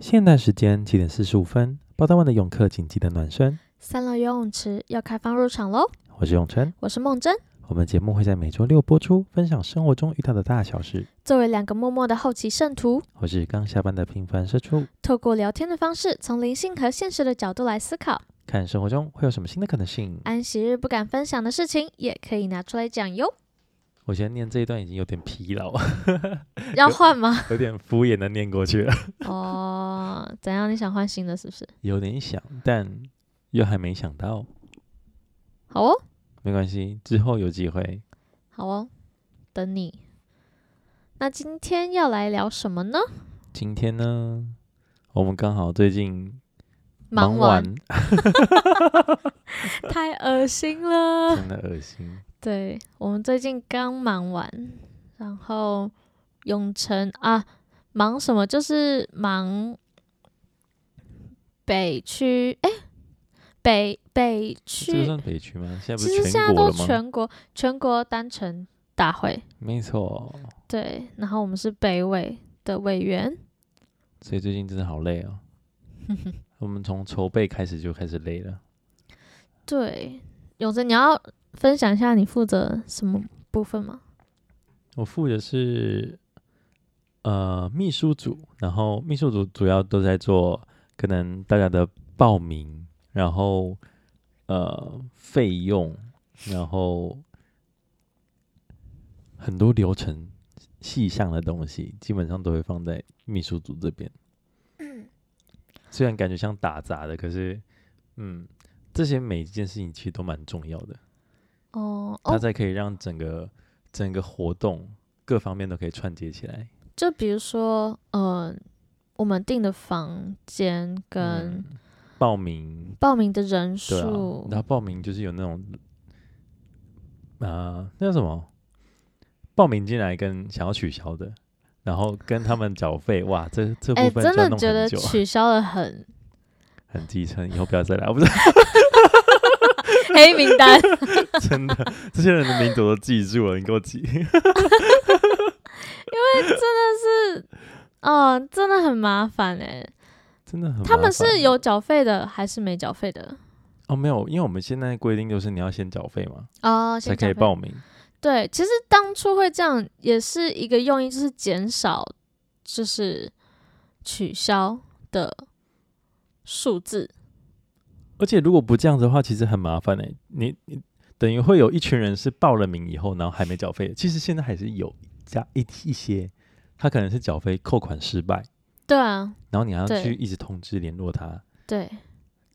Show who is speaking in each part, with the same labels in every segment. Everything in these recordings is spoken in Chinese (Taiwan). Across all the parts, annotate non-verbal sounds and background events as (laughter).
Speaker 1: 現在時間七點四十五分，報到完的泳客請記得暖身。
Speaker 2: 三樓游泳池要開放入場嘍！
Speaker 1: 我是永琛，我是夢真。我們節目會在每週六播出，分享生活中遇到的大小事。
Speaker 2: 作為兩個默默的好奇聖徒，
Speaker 1: 我是剛下班的平凡社畜。
Speaker 2: 透過聊天的方式，從靈性和現實的角度來思考，
Speaker 1: 看生活中會有什麼新的可能性。
Speaker 2: 安息日不敢分享的事情，也可以拿出來講喲。
Speaker 1: 我現在念這一段已經有點疲勞了，要換，要換嗎？有點敷衍的念過去了。
Speaker 2: 哦，怎樣？你想換新的是不是？
Speaker 1: 有點想，但又還沒想到。
Speaker 2: 好哦。
Speaker 1: 沒關係，之後有機會。
Speaker 2: 好哦，等你。那今天要來聊什麼呢？
Speaker 1: 今天呢，我們剛好最近忙完，忙完，
Speaker 2: (laughs) 太噁心了，真的噁心。對，我們最近剛忙完，然後永成啊，忙什麼？就是忙北區，哎，北北區，這算北區嗎？現在不是全國了嗎？其實現在都全國全國單成大會，沒錯。對，然後我們是北委的委員，
Speaker 1: 所以最近真的好累哦。 (laughs) 我們從籌備開始就開始累了。
Speaker 2: 對，永成你要。分享一下你負責什麼部分嗎？
Speaker 1: 我負責是呃秘書組，然後秘書組主要都在做可能大家的報名，然後呃費用，然後很多流程細項的東西，基本上都會放在秘書組這邊。雖然感覺像打雜的，可是嗯，這些每一件事情其實都蠻重要的。哦、嗯，它才可以讓整個、哦、整個活動各方面都可以串接起來。
Speaker 2: 就比如說，嗯、呃，我們訂的房間跟、嗯、
Speaker 1: 報名報名的人數、啊，然後報名就是有那種啊、呃，那叫什麼？報名進來跟想要取消的，然後跟他們繳費、欸。哇，這這部分、欸、真的很、啊、覺得取
Speaker 2: 消的很
Speaker 1: 很低層，以後不要再來，我不知道。 (laughs)
Speaker 3: 黑名單， (laughs) 真的， (laughs) 這些人的名
Speaker 1: 字我都記住了，你給我記。
Speaker 2: (laughs) (laughs) 因為真的是，嗯、哦，真的很麻煩嘞，
Speaker 1: 真的。他們是
Speaker 2: 有繳費的還是沒繳費的？
Speaker 1: 哦，沒有，因為我們現在規定就是你要先繳費嘛，啊、哦，才可以報名。
Speaker 2: 對，其實當初會這樣也是一個用意，就是減少就是取消的數字。
Speaker 1: 而且如果不這樣子的話，其實很麻煩誒、欸。你你等於會有一群人是報了名以後，然後還沒繳費。其實現在還是有加一一,一些，他可能是繳費扣款失敗。對啊。然後你還要去一直通知聯絡他
Speaker 2: 對。對，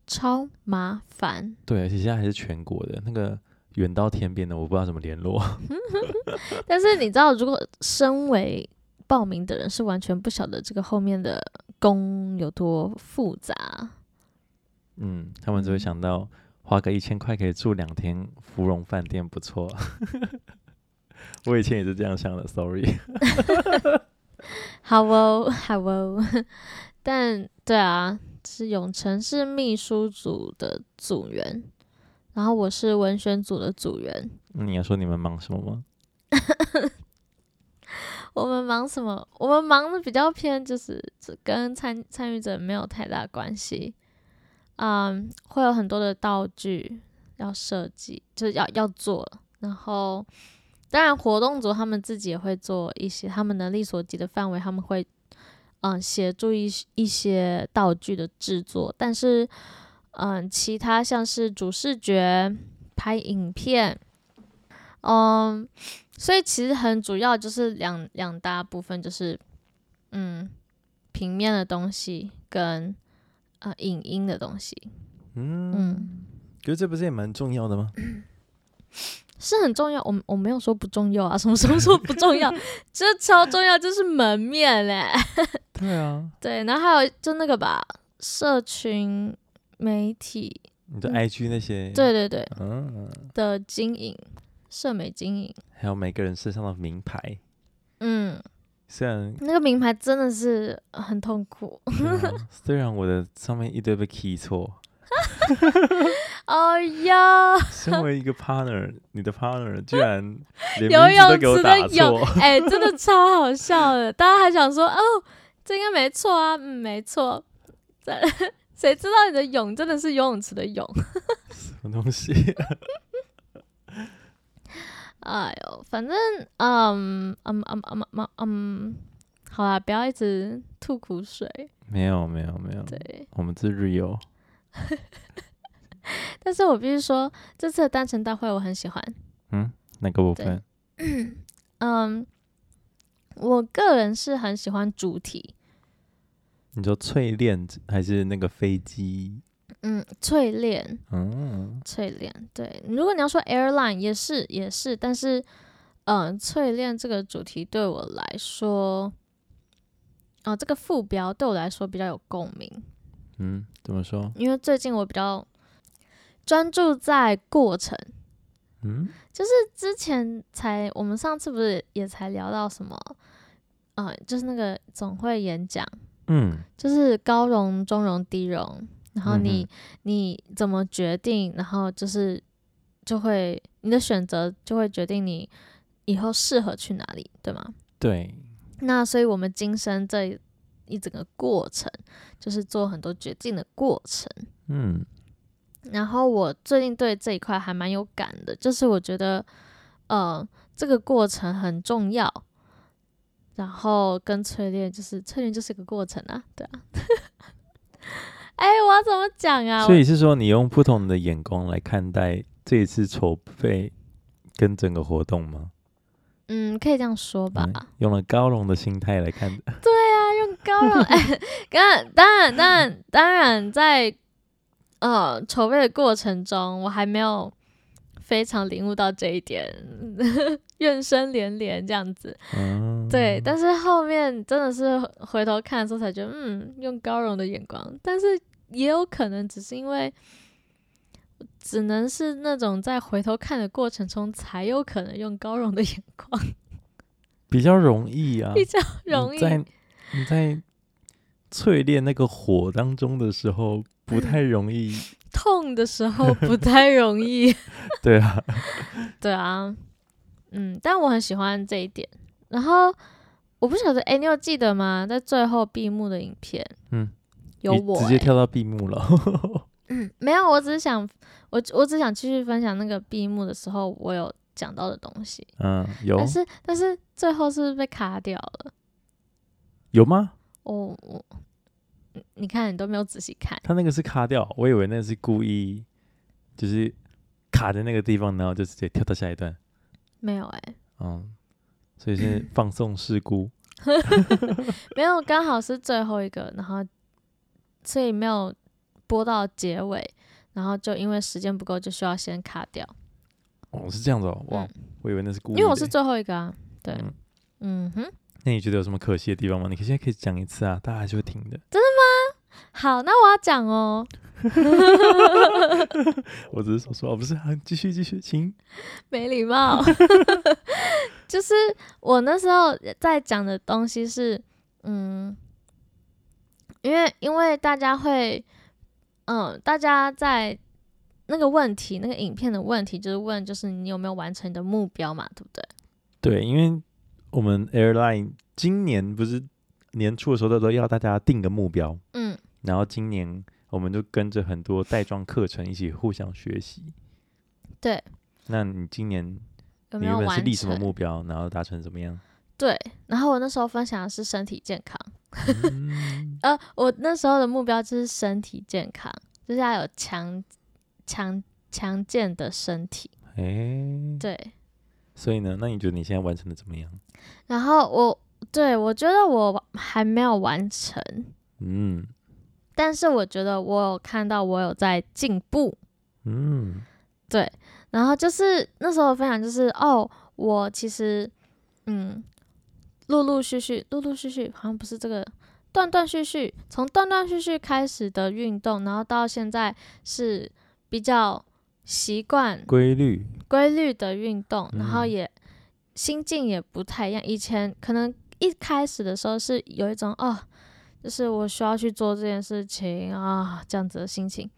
Speaker 2: 超麻煩。
Speaker 1: 對，而且現在還是全國的，那個遠到天邊的，我不知道怎麼聯絡。嗯、
Speaker 2: 呵呵 (laughs) 但是你知道，如果身為報名的人，是完全不曉得這個後面的工有多複雜。
Speaker 1: 嗯，他們只會想到，嗯，花個一千塊可以住兩天芙蓉飯店，不錯啊。 (laughs) 我以前也是這樣想的，sorry。
Speaker 2: 好 (laughs) 哦 (laughs) Hello, hello，好 (laughs) 哦。但對啊，是永成，是秘書組的組員，然後我是文宣組的組員，
Speaker 1: 嗯。你要說你們忙什麼嗎？
Speaker 2: (laughs) 我們忙什麼？我們忙的比較偏，就是，就是跟參參與者沒有太大關係。嗯，會有很多的道具要設計，就是要要做。然後，當然活動組他們自己也會做一些他們能力所及的範圍，他們會嗯協助一一些道具的製作。但是嗯，其他像是主視覺、拍影片，嗯，所以其實很主要就是兩兩大部分，就是嗯平面的東西跟。啊，影音的東西，
Speaker 1: 嗯，嗯可是這不是也蠻重要的嗎、嗯？
Speaker 2: 是很重要，我我沒有說不重要啊，什麼時候說不重要？這 (laughs) 超重要，就是門面嘞、欸。對啊，對，然後還有就那個吧，社群媒體，
Speaker 1: 你的 IG 那些，嗯、對對對，嗯，
Speaker 2: 的經營，社媒經營，
Speaker 1: 還有每個人身上的名牌，嗯。雖然
Speaker 2: 那個名牌真的是很痛苦。
Speaker 1: Yeah, 雖然我的上面一堆被 key 錯。
Speaker 2: 哎 (laughs) 呀、 (laughs)
Speaker 1: 哦！身為一個 partner，你的 partner 居然游泳池的泳，哎、
Speaker 2: 欸，真的超好笑的。大家還想說，哦，這應該沒錯啊，嗯、沒錯。誰知道你的泳真的是游泳池的泳？
Speaker 1: 什麼東西、啊？ (laughs)
Speaker 2: 哎呦，反正嗯嗯嗯嗯嗯嗯，好啦，不要一直吐苦水。沒有沒有沒有，對，
Speaker 1: 我們是 real
Speaker 2: 但是，我必須說，這次的單成大會我很喜歡。嗯，
Speaker 1: 哪、那個部分？
Speaker 2: 嗯，我個人是很喜歡主題。
Speaker 1: 你說淬煉還是那個飛機？
Speaker 2: 嗯，淬鍊，嗯、哦，淬鍊，對。如果你要說 Airline 也是也是，但是，嗯、呃，淬鍊這個主題對我來說，啊、呃，這個副標對我來說比較有共鳴。
Speaker 1: 嗯，怎麼說？
Speaker 2: 因為最近我比較專注在過程，嗯，就是之前才我們上次不是也才聊到什麼，啊、呃，就是那個總會演講，嗯，就是高融、中融、低融。然後你、嗯、你怎麼決定？然後就是就會你的選擇就會決定你以後適合去哪裡，對嗎？對。那所以，我們今生這一整個過程就是做很多決定的過程。嗯。然後我最近對這一塊還蠻有感的，就是我覺得，呃，這個過程很重要。然後跟淬鍊就是淬鍊就是一個過程啊，對啊。 (laughs) 哎、欸，我要怎麼講啊？
Speaker 1: 所以是說你用不同的眼光來看待這一次籌備跟整個活動嗎？嗯，
Speaker 2: 可以這樣說吧。嗯、
Speaker 1: 用了高榮的心態來看
Speaker 2: 待。 (laughs) 對啊，用高榮哎、欸，當然，當然，當然，當然在，在呃籌備的過程中，我還沒有。非常領悟到這一點，怨聲連連這樣子，嗯，對。但是後面真的是回頭看的時候才覺得，嗯，用高容的眼光。但是也有可能只是因為，只能是那種在回頭看的過程中才有可能用高容的眼光，
Speaker 1: 比較容易啊，比較容易。你在，你在淬煉那個火當中的時候，不太容易。 (laughs)
Speaker 2: 痛的時候不太容易， (laughs) 對啊， (laughs) 對啊，嗯，但我很喜歡這一點。然後我不曉得，哎、欸，你有記得嗎？在最後閉幕的影片，
Speaker 1: 嗯，有我、欸、直接跳到閉幕了。
Speaker 2: (laughs) 嗯，沒有，我只是想，我我只想繼續分享那個閉幕的時候我有講到的東西。嗯，有，但是但是最後是不是被卡掉了，有嗎？哦，我。你看，你都沒有仔細看，
Speaker 1: 他那個是卡掉，我以為那是故意，就是卡在那個地方，然後就直接跳到下一段。
Speaker 2: 沒有哎、欸。
Speaker 1: 嗯。所以是放送事故。 (laughs)
Speaker 2: (laughs) (laughs) 沒有，剛好是最後一個，然後所以沒有播到結尾，然後就因為時間不夠，就需要先卡掉。
Speaker 1: 哦，是這樣子哦，哇，我以為那是故意的，欸，因為我是
Speaker 2: 最後一個啊。對嗯。嗯哼。
Speaker 1: 那你覺得有什麼可惜的地方嗎？你可以現在可以講一次啊，大家還是會聽的。
Speaker 2: 好，那我要講哦。
Speaker 3: (laughs)
Speaker 1: (laughs) 我只是想說哦，我不是，繼續繼續，請。
Speaker 2: 沒禮貌。 (laughs) 就是我那時候在講的東西是，嗯，因為因為大家會，嗯，大家在那個問題、那個影片的問題，就是問，就是你有沒有完成你的目標嘛？對不對？
Speaker 1: 對，因為我們 airline 今年不是年初的時候的時候要大家定個目標，嗯。然後今年，我們都跟着很多帶妝課程一起互相學習。
Speaker 2: 對，
Speaker 1: 那你今年有有你們是立什麼目標？然後達成怎麼樣？
Speaker 2: 對，然後我那時候分享的是身體健康。嗯、 (laughs) 呃，我那時候的目標就是身體健康，就是要有強強強健的身體。
Speaker 1: 誒，對。所以呢，那你覺得你現在完成的怎麼樣？
Speaker 2: 然後我對我覺得我還沒有完成。嗯。但是我覺得我有看到我有在進步，嗯，對。然後就是那時候我分享就是哦，我其實嗯，陸陸續續，陸陸續續，好像、啊、不是這個斷斷續續，從斷斷續續開始的運動，然後到現在是比較習慣規律規律的運動，然後也、嗯、心境也不太一樣。以前可能一開始的時候是有一種哦。就是我需要去做這件事情啊，這樣子的心情。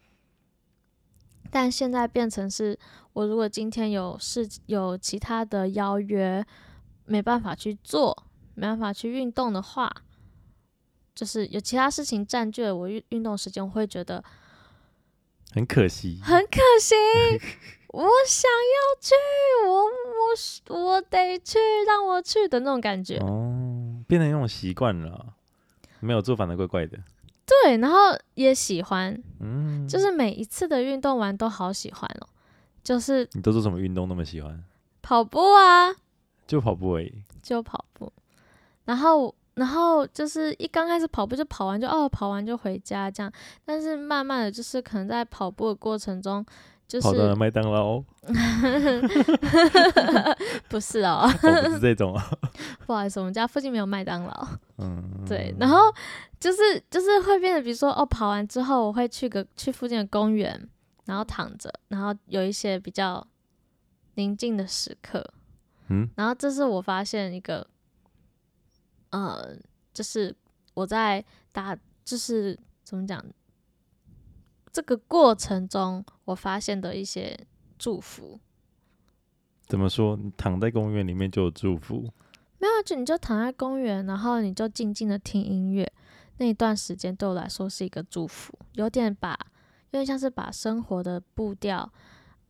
Speaker 2: 但現在變成是我如果今天有事，有其他的邀約，沒辦法去做，沒辦法去運動的話，就是有其他事情占據了我運運動時間，我會覺得
Speaker 1: 很可惜，
Speaker 2: 很可惜。 (laughs) 我想要去，我我我得去，讓我去的那種感覺。哦，
Speaker 1: 變成那種習慣了。沒有做反而怪怪的，
Speaker 2: 對，然後也喜歡，嗯，就是每一次的運動完都好喜歡哦，就是、
Speaker 1: 啊、你都做什麼運動那麼喜歡？
Speaker 2: 跑步啊，
Speaker 1: 就跑步而已，
Speaker 2: 就跑步，然後然後就是一剛開始跑步就跑完，就哦跑完就回家這樣，但是慢慢的就是可能在跑步的過程中。好、就、的、是，麥當勞、哦。 (laughs) (laughs) 不是哦，哦，不是這種哦、啊。 (laughs) 不好意思，我們家附近沒有麥當勞。嗯，對。然後就是就是會變得，比如說哦，跑完之後我會去個去附近的公園，然後躺着，然後有一些比較寧靜的時刻。嗯。然後這是我發現一個，呃，就是我在打，就是怎麼講？這個過程中，我發現的一些祝福，
Speaker 1: 怎麼說？你躺在公園裡面就有祝福？
Speaker 2: 沒有，就你就躺在公園，然後你就靜靜的聽音樂，那一段時間對我來說是一個祝福，有點把，有點像是把生活的步調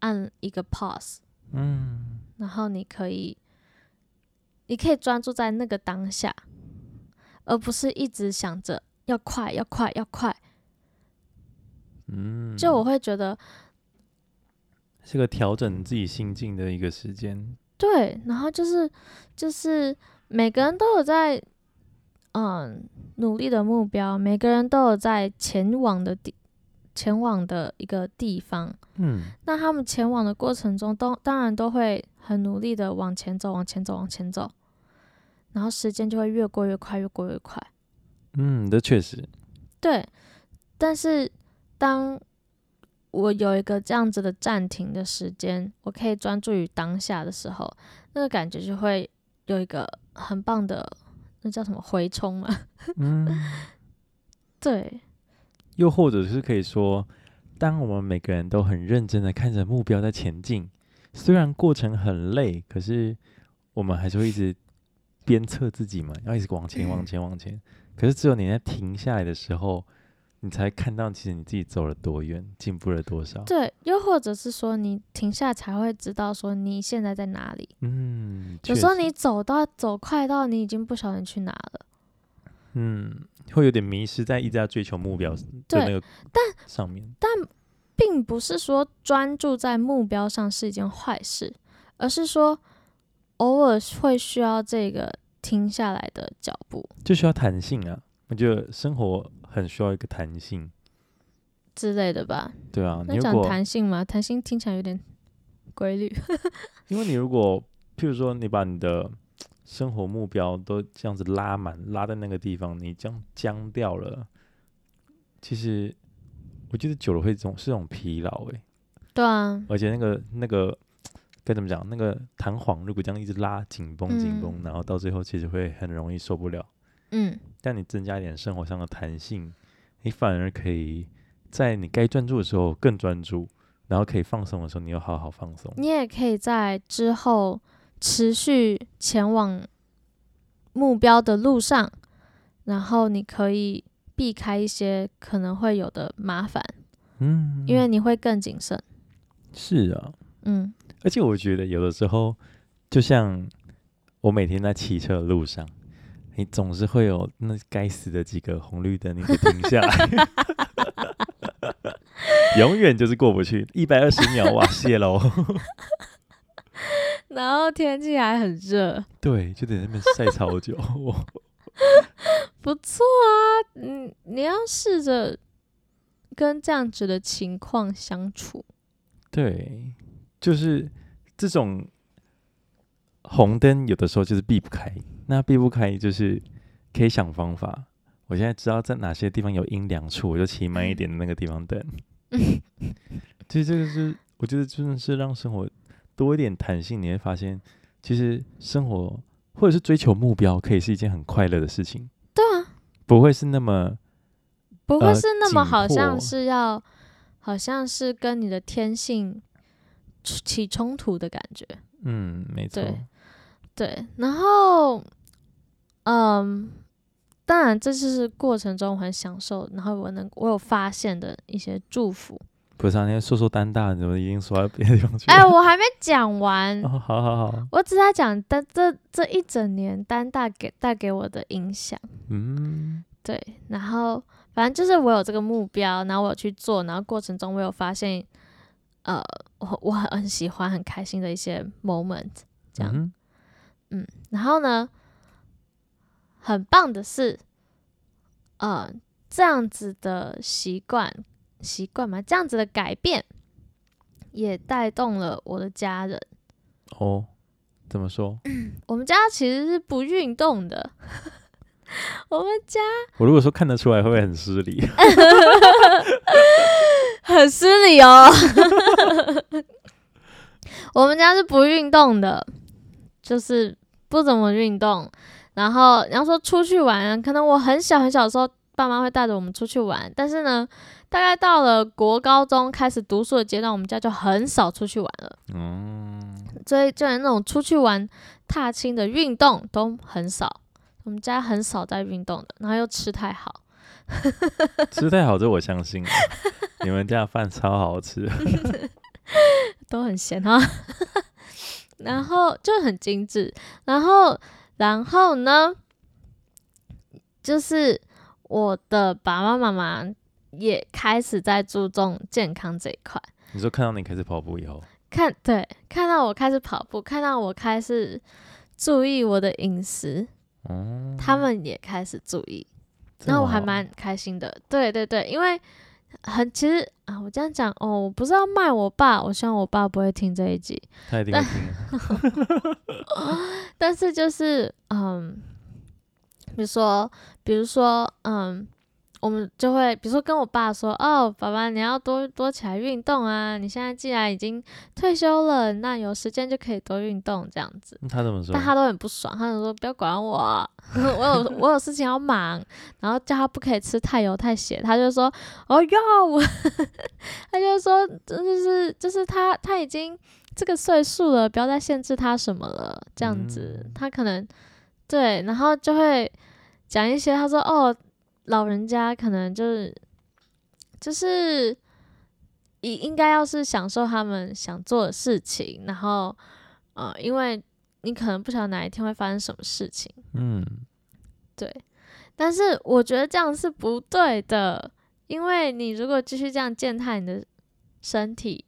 Speaker 2: 按一個 pause。嗯，然後你可以，你可以專注在那個當下，而不是一直想着要快，要快，要快。嗯，就我會覺得
Speaker 1: 是個調整自己心境的一個時間。
Speaker 2: 對，然後就是就是每個人都有在嗯努力的目標，每個人都有在前往的地前往的一個地方。嗯，那他們前往的過程中都，都當然都會很努力的往前走，往前走，往前走，然後時間就會越過越快，越過越快。
Speaker 1: 嗯，這確實
Speaker 2: 對，但是。當我有一個這樣子的暫停的時間，我可以專注於當下的時候，那個感覺就會有一個很棒的，那叫什麼回充嘛？嗯， (laughs) 對。
Speaker 1: 又或者是可以說，當我們每個人都很認真的看着目標在前進，雖然過程很累，可是我們還是會一直鞭策自己嘛，要一直往前往前往前。嗯。可是只有你在停下來的時候。你才看到，其實你自己走了多遠，進步了多少。對，
Speaker 2: 又或者是說，你停下才會知道，說你現在在哪裡。嗯，有時候你走到走快到，你已經不曉得你去哪了。
Speaker 1: 嗯，會有點迷失在一直在追求目標的那個上面。對，但，但
Speaker 2: 並不是說專注在目標上是一件壞事，而是說偶爾會需要這個停下來的腳步，
Speaker 1: 就需要彈性啊。我覺得生活，很需要一個彈性
Speaker 2: 之類的吧？對啊，那講彈性嗎？彈性聽起來有點規律。
Speaker 1: (laughs) 因為你如果，譬如說，你把你的生活目標都這樣子拉滿，拉在那個地方，你這樣僵掉了，其實我覺得久了會總是種疲勞誒、欸，
Speaker 2: 對啊，
Speaker 1: 而且那個那個該怎麼講？那個彈、那個、簧如果這樣一直拉緊繃緊繃，然後到最後其實會很容易受不了。嗯。讓你增加一點生活上的彈性，你反而可以在你該專注的時候更專注，然後可以放鬆的時候你又好好放鬆。
Speaker 2: 你也可以在之後持續前往目標的路上，然後你可以避開一些可能會有的麻煩。嗯，因為你會更謹慎。
Speaker 1: 是啊。嗯，而且我覺得有的時候，就像我每天在騎車的路上。你總是會有那該死的幾個紅綠燈，你可以停下來 (laughs) (laughs) 永遠就是過不去。一百二十秒， (laughs) 哇，謝嘍 (laughs) 。
Speaker 2: 然後天氣還很熱，
Speaker 1: 對，就在那邊晒超久。
Speaker 2: (laughs) (laughs) 不錯啊，你你要試着跟這樣子的情況相處。
Speaker 1: 對，就是這種。紅燈有的時候就是避不開，那避不開就是可以想方法。我現在知道在哪些地方有陰涼處，我就騎慢一點的那個地方等。其 (laughs) 實這個是，我覺得真的是讓生活多一點彈性。你會發現，其實生活或者是追求目標，可以是一件很快樂的事情。對啊，不會是那麼，不、呃、會是那麼，好像
Speaker 2: 是要，好像是跟你的天性起衝突的感覺。
Speaker 1: 嗯，沒錯。
Speaker 2: 對，然後，嗯，當然，這就是過程中我很享受，然後我能我有發現的一些祝福。
Speaker 1: 不是、啊，你說說單大怎麼已經說到別的地方去了？哎，我
Speaker 2: 還沒講完、 (laughs) 哦。好
Speaker 1: 好好，我
Speaker 2: 只在講但這這一整年單大給帶給我的影響。嗯，對，然後反正就是我有這個目標，然後我有去做，然後過程中我有發現，呃，我我很很喜歡很開心的一些 moment，這樣。嗯嗯，然後呢？很棒的是，呃，這樣子的習慣，習慣嘛，這樣子的改變，也帶動了我的家人。
Speaker 1: 哦，怎麼說？
Speaker 2: 嗯，我們家其實是不運動的。 (laughs) 我們家，
Speaker 1: 我如果說看得出來，會不會很失禮？
Speaker 2: (laughs) (laughs) 很失禮哦。 (laughs) (laughs) (laughs) 我們家是不運動的。就是不怎麼運動，然後然後說出去玩，可能我很小很小的時候，爸媽會帶着我們出去玩，但是呢，大概到了國高中開始讀書的階段，我們家就很少出去玩了。嗯，所以就連那種出去玩踏青的運動都很少，我們家很少在運動的，然後又吃太好，
Speaker 1: (laughs) 吃太好這我相信、啊， (laughs) 你們家飯超好吃、 (laughs) 嗯，
Speaker 2: 都很鹹啊、哦。然後就很精緻，然後，然後呢，就是我的爸爸媽媽也開始在注重健康這一塊。
Speaker 1: 你說看到你開始跑步以後，
Speaker 2: 看對，看到我開始跑步，看到我開始注意我的飲食，嗯，他們也開始注意，那我還蠻開心的。對對對，因為。很，其實啊，我這樣講哦，我不是要賣我爸，我希望我爸不會聽這一集，他一定會聽的。但 (laughs) (laughs) 但是就是，嗯，比如說，比如說，嗯。我們就會，比如說跟我爸說，哦，爸爸，你要多多起來運動啊！你現在既然已經退休了，那有時間就可以多運動這樣子。
Speaker 1: 嗯，他怎麼說？
Speaker 3: 但他
Speaker 2: 都很不爽，他就說不要管我， (laughs) 我有我有事情要忙。然後叫他不可以吃太油太鹹，他就說哦喲， (laughs) 他就是說，真的是就是他他已經這個歲數了，不要再限制他什麼了這樣子。嗯、他可能對，然後就會講一些，他說哦。老人家可能就是，就是你應該要是享受他們想做的事情，然後，呃，因為你可能不曉得哪一天會發生什麼事情，嗯，對，但是我覺得這樣是不對的，因為你如果繼續這樣踐踏你的身體，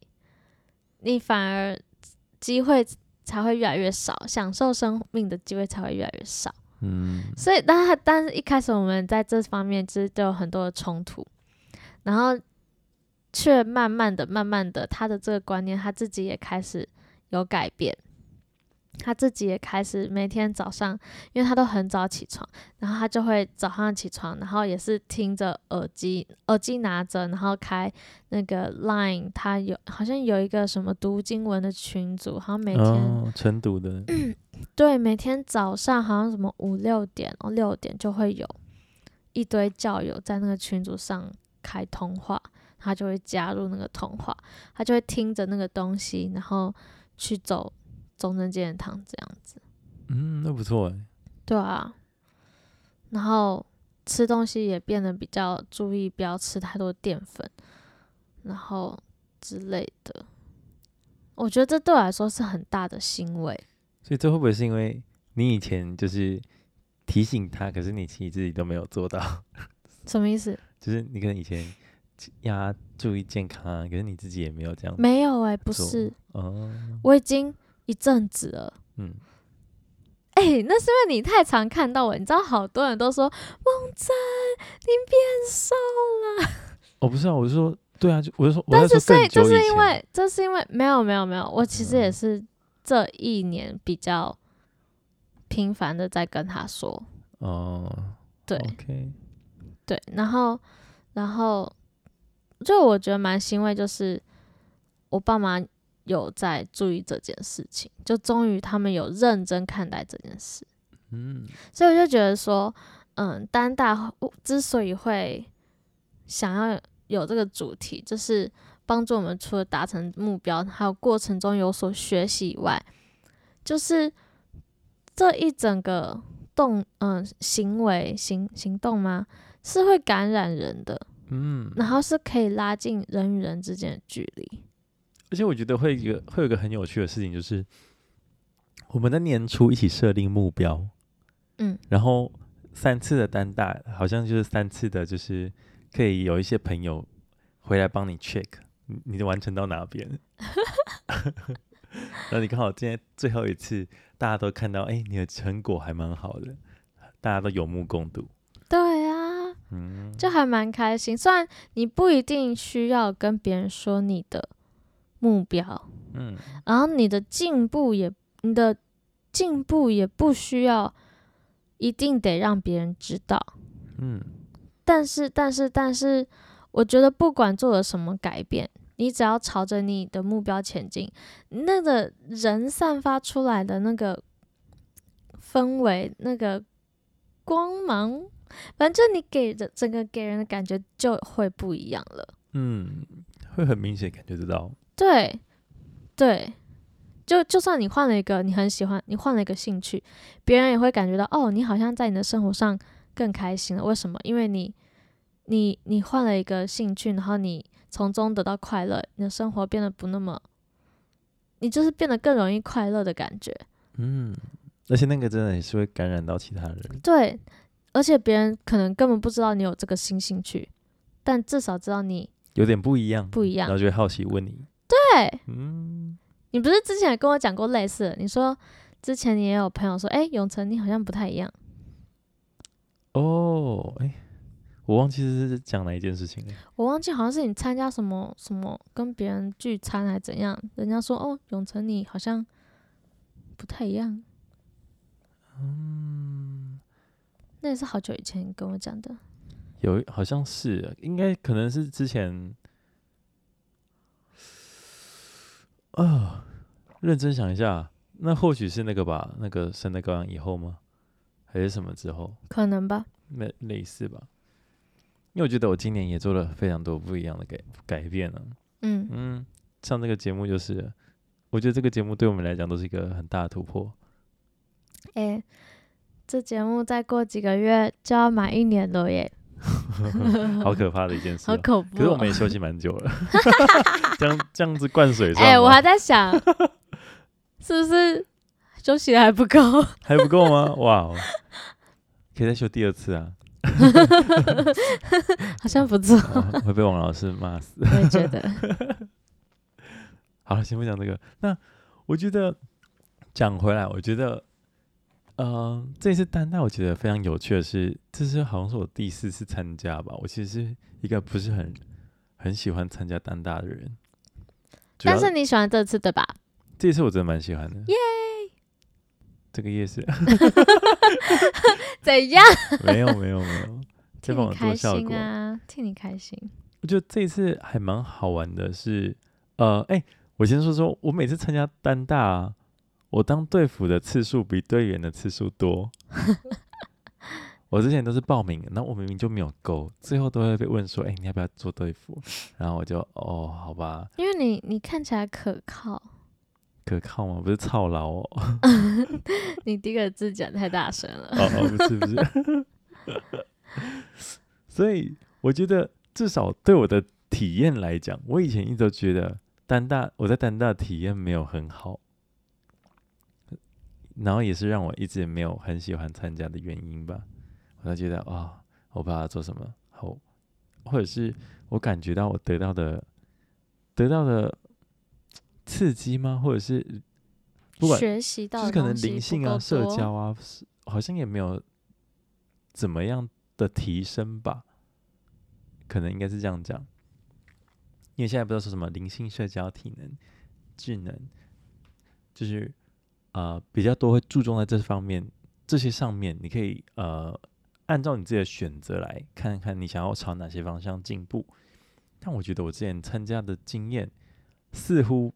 Speaker 2: 你反而機會才會越來越少，享受生命的機會才會越來越少。嗯，所以，但他，但是一開始我們在這方面其實就有很多的衝突，然後，卻慢慢的、慢慢的，他的這個觀念他自己也開始有改變，他自己也開始每天早上，因為他都很早起床，然後他就會早上起床，然後也是聽着耳機，耳機拿着，然後開那個 Line，他有好像有一個什麼讀經文的群組，好像每天
Speaker 1: 晨讀、哦、的。嗯
Speaker 2: 對，每天早上好像什麼五六點哦，六點就會有一堆教友在那個群組上開通話，他就會加入那個通話，他就會聽着那個東西，然後去走中正紀念堂這樣子。
Speaker 1: 嗯，那不錯誒、欸，
Speaker 2: 對啊，然後吃東西也變得比較注意，不要吃太多澱粉，然後之類的。我覺得這對我來說是很大的欣慰。
Speaker 1: 所以這會不會是因為你以前就是提醒他，可是你其實自己都沒有做到？什麼意思？就是你可能以前要注意健康啊，可是你自己也沒有這樣。沒有哎、欸，不是哦，
Speaker 2: 我已經一陣子了。嗯，哎、欸，那是因為你太常看到我，你知道，好多人都說夢真你變瘦了。
Speaker 1: 我、哦、不是啊，我是說，對啊，我就我是說，但是所以就是因
Speaker 2: 為這、就是因為沒有沒有沒有，我其實也是。這一年比較頻繁的在跟他說
Speaker 3: 哦，uh, 對、okay.
Speaker 2: 對，然後，然後就我覺得蠻欣慰，就是我爸媽有在注意這件事情，就終於他們有認真看待這件事。嗯、mm.，所以我就覺得說，嗯，單大之所以會想要。有這個主題，就是幫助我們除了達成目標，還有過程中有所學習以外，就是這一整個動嗯、呃、行為行行動嗎？是會感染人的，
Speaker 1: 嗯，
Speaker 2: 然後是可以拉近人與人之間的距離。
Speaker 1: 而且我覺得會有會有一個很有趣的事情，就是我們在年初一起設定目標，嗯，然後三次的單打，好像就是三次的，就是。可以有一些朋友回來幫你 check，你你完成到哪邊？那 (laughs) (laughs) 你剛好今天最後一次，大家都看到，哎、欸，你的成果還蠻好的，大家都有目共睹。
Speaker 2: 對啊，嗯，就還蠻開心。雖然你不一定需要跟別人說你的目標，嗯，然後你的進步也，你的進步也不需要一定得讓別人知道，嗯。但是，但是，但是，我覺得不管做了什麼改變，你只要朝着你的目標前進，那個人散發出來的那個氛圍、那個光芒，反正你給的整個給人的感覺就會不一樣了。
Speaker 1: 嗯，會很明顯感覺得到。
Speaker 2: 對，對，就就算你換了一個你很喜歡，你換了一個興趣，別人也會感覺到哦，你好像在你的生活上，更開心了？為什麼？因為你，你，你換了一個興趣，然後你從中得到快樂，你的生活變得不那麼，你就是變得更容易快樂的感覺。
Speaker 1: 嗯，而且那個真的也是會感染到其他人。
Speaker 2: 對，而且別人可能根本不知道你有這個新興趣，但至少知道你
Speaker 1: 有點不一樣，不一樣，然後就會好奇問你。
Speaker 2: 對，嗯，你不是之前也跟我講過類似？你說之前你也有朋友說，哎、欸，永成你好像不太一樣。
Speaker 1: 哦，哎，我忘記是講哪一件事情了。
Speaker 2: 我忘記好像是你參加什麼什麼跟別人聚餐，還是怎樣，人家說哦，永城你好像不太一樣。嗯，um，那也是好久以前你跟我講的。
Speaker 1: 有，好像是，應該可能是之前。啊，哦，認真想一下，那或許是那個吧，那個聖誕羔羊以後嗎？還是什麼之後？可能吧，那類似吧，因為我覺得我今年也做了非常多不一樣的改改變呢、啊。嗯嗯，上這個節目就是，我覺得這個節目對我們來講都是一個很大的突破。
Speaker 2: 哎、欸，這節目再過幾個月就要滿一年了耶！
Speaker 1: (laughs) 好可怕的一件事，啊好恐怖哦，可是我們也休息蠻久了。這 (laughs) 樣這樣子灌水，哎、欸欸，我還
Speaker 2: 在想， (laughs) 是不是？休息還不夠，
Speaker 1: 還不夠嗎？哇、wow,，可以再修第二次啊 (laughs) ！
Speaker 3: (laughs) 好像不錯 (laughs) 、
Speaker 1: 哦，會被王老師罵死。我也覺得。 (laughs) 好了，先不講這個。那我覺得講回來，我覺得，嗯、呃，這次單大我覺得非常有趣的是，這是好像是我第四次參加吧。我其實是一個不是很很喜歡參加單大的人，但是
Speaker 2: 你喜歡這次對吧？
Speaker 1: 這次我真的蠻喜歡的，耶、yeah!！這個意思，
Speaker 2: 怎樣？沒有沒
Speaker 1: 有沒有，這挺開心啊，
Speaker 2: 替你開心。
Speaker 1: 我覺得這一次還蠻好玩的是，是呃，哎，我先說說我每次參加單大，我當隊輔的次數比隊員的次數多。 (laughs) 我之前都是報名，那我明明就沒有勾，最後都會被問說：“哎，你要不要做隊輔？”然後我就哦，好吧，
Speaker 2: 因為你你看起來可靠。
Speaker 1: 可靠嗎？不是操勞哦。
Speaker 2: (laughs) (laughs) 你第一個字講太大聲了。不 (laughs) 是，哦哦、不是。不
Speaker 1: 是 (laughs) 所以我覺得，至少對我的體驗來講，我以前一直都覺得單大，我在單大體驗沒有很好，然後也是讓我一直也沒有很喜歡參加的原因吧。我就覺得啊、哦，我不知道做什麼好，哦，或者是我感覺到我得到的，得到的。刺激嗎？或者是不管學習到就是可能靈性啊、社交啊，好像也沒有怎麼樣的提升吧。可能應該是這樣講，因為現在不知道說什麼靈性、社交、體能、智能，就是啊、呃、比較多會注重在這方面這些上面，你可以呃按照你自己的選擇來看看你想要朝哪些方向進步。但我覺得我之前參加的經驗似乎。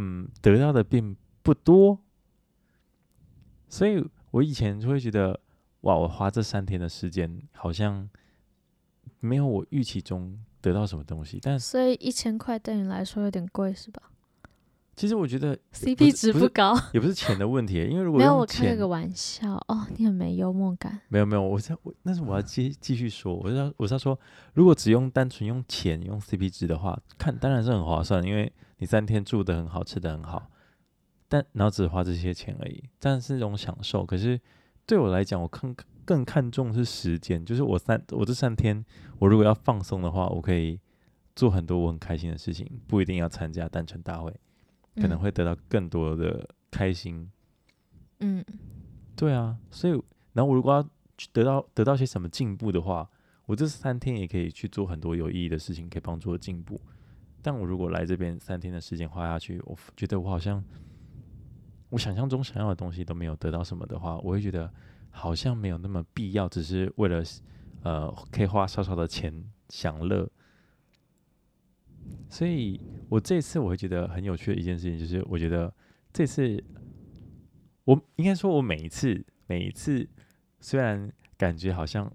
Speaker 1: 嗯，得到的並不多，所以我以前就會覺得，哇，我花這三天的時間，好像沒有我預期中得到什麼東西。但
Speaker 2: 是所以一千塊對你來說有點貴，是吧？
Speaker 1: 其實我覺得 CP 值不高，不，也不是錢的問題，因為如果 (laughs) 沒有，我開了個
Speaker 2: 玩笑哦，oh, 你很沒幽默感。
Speaker 1: 沒有沒有，我在我，那是我要繼繼續說，我是要我是要說，如果只用單純用錢用 CP 值的話，看當然是很划算，因為你三天住的很好，吃的很好，但然後只花這些錢而已，但是那種享受。可是對我來講，我更更看重是時間，就是我三我這三天，我如果要放鬆的話，我可以做很多我很開心的事情，不一定要參加單純大會。可能會得到更多的開心，嗯，對啊，所以，然後我如果要得到得到些什麼進步的話，我這三天也可以去做很多有意義的事情，可以幫助我進步。但我如果來這邊三天的時間花下去，我覺得我好像我想象中想要的東西都沒有得到什麼的話，我會覺得好像沒有那麼必要，只是為了呃，可以花少少的錢享樂。所以，我這次我會覺得很有趣的一件事情，就是我覺得這次我應該說，我每一次每一次，雖然感覺好像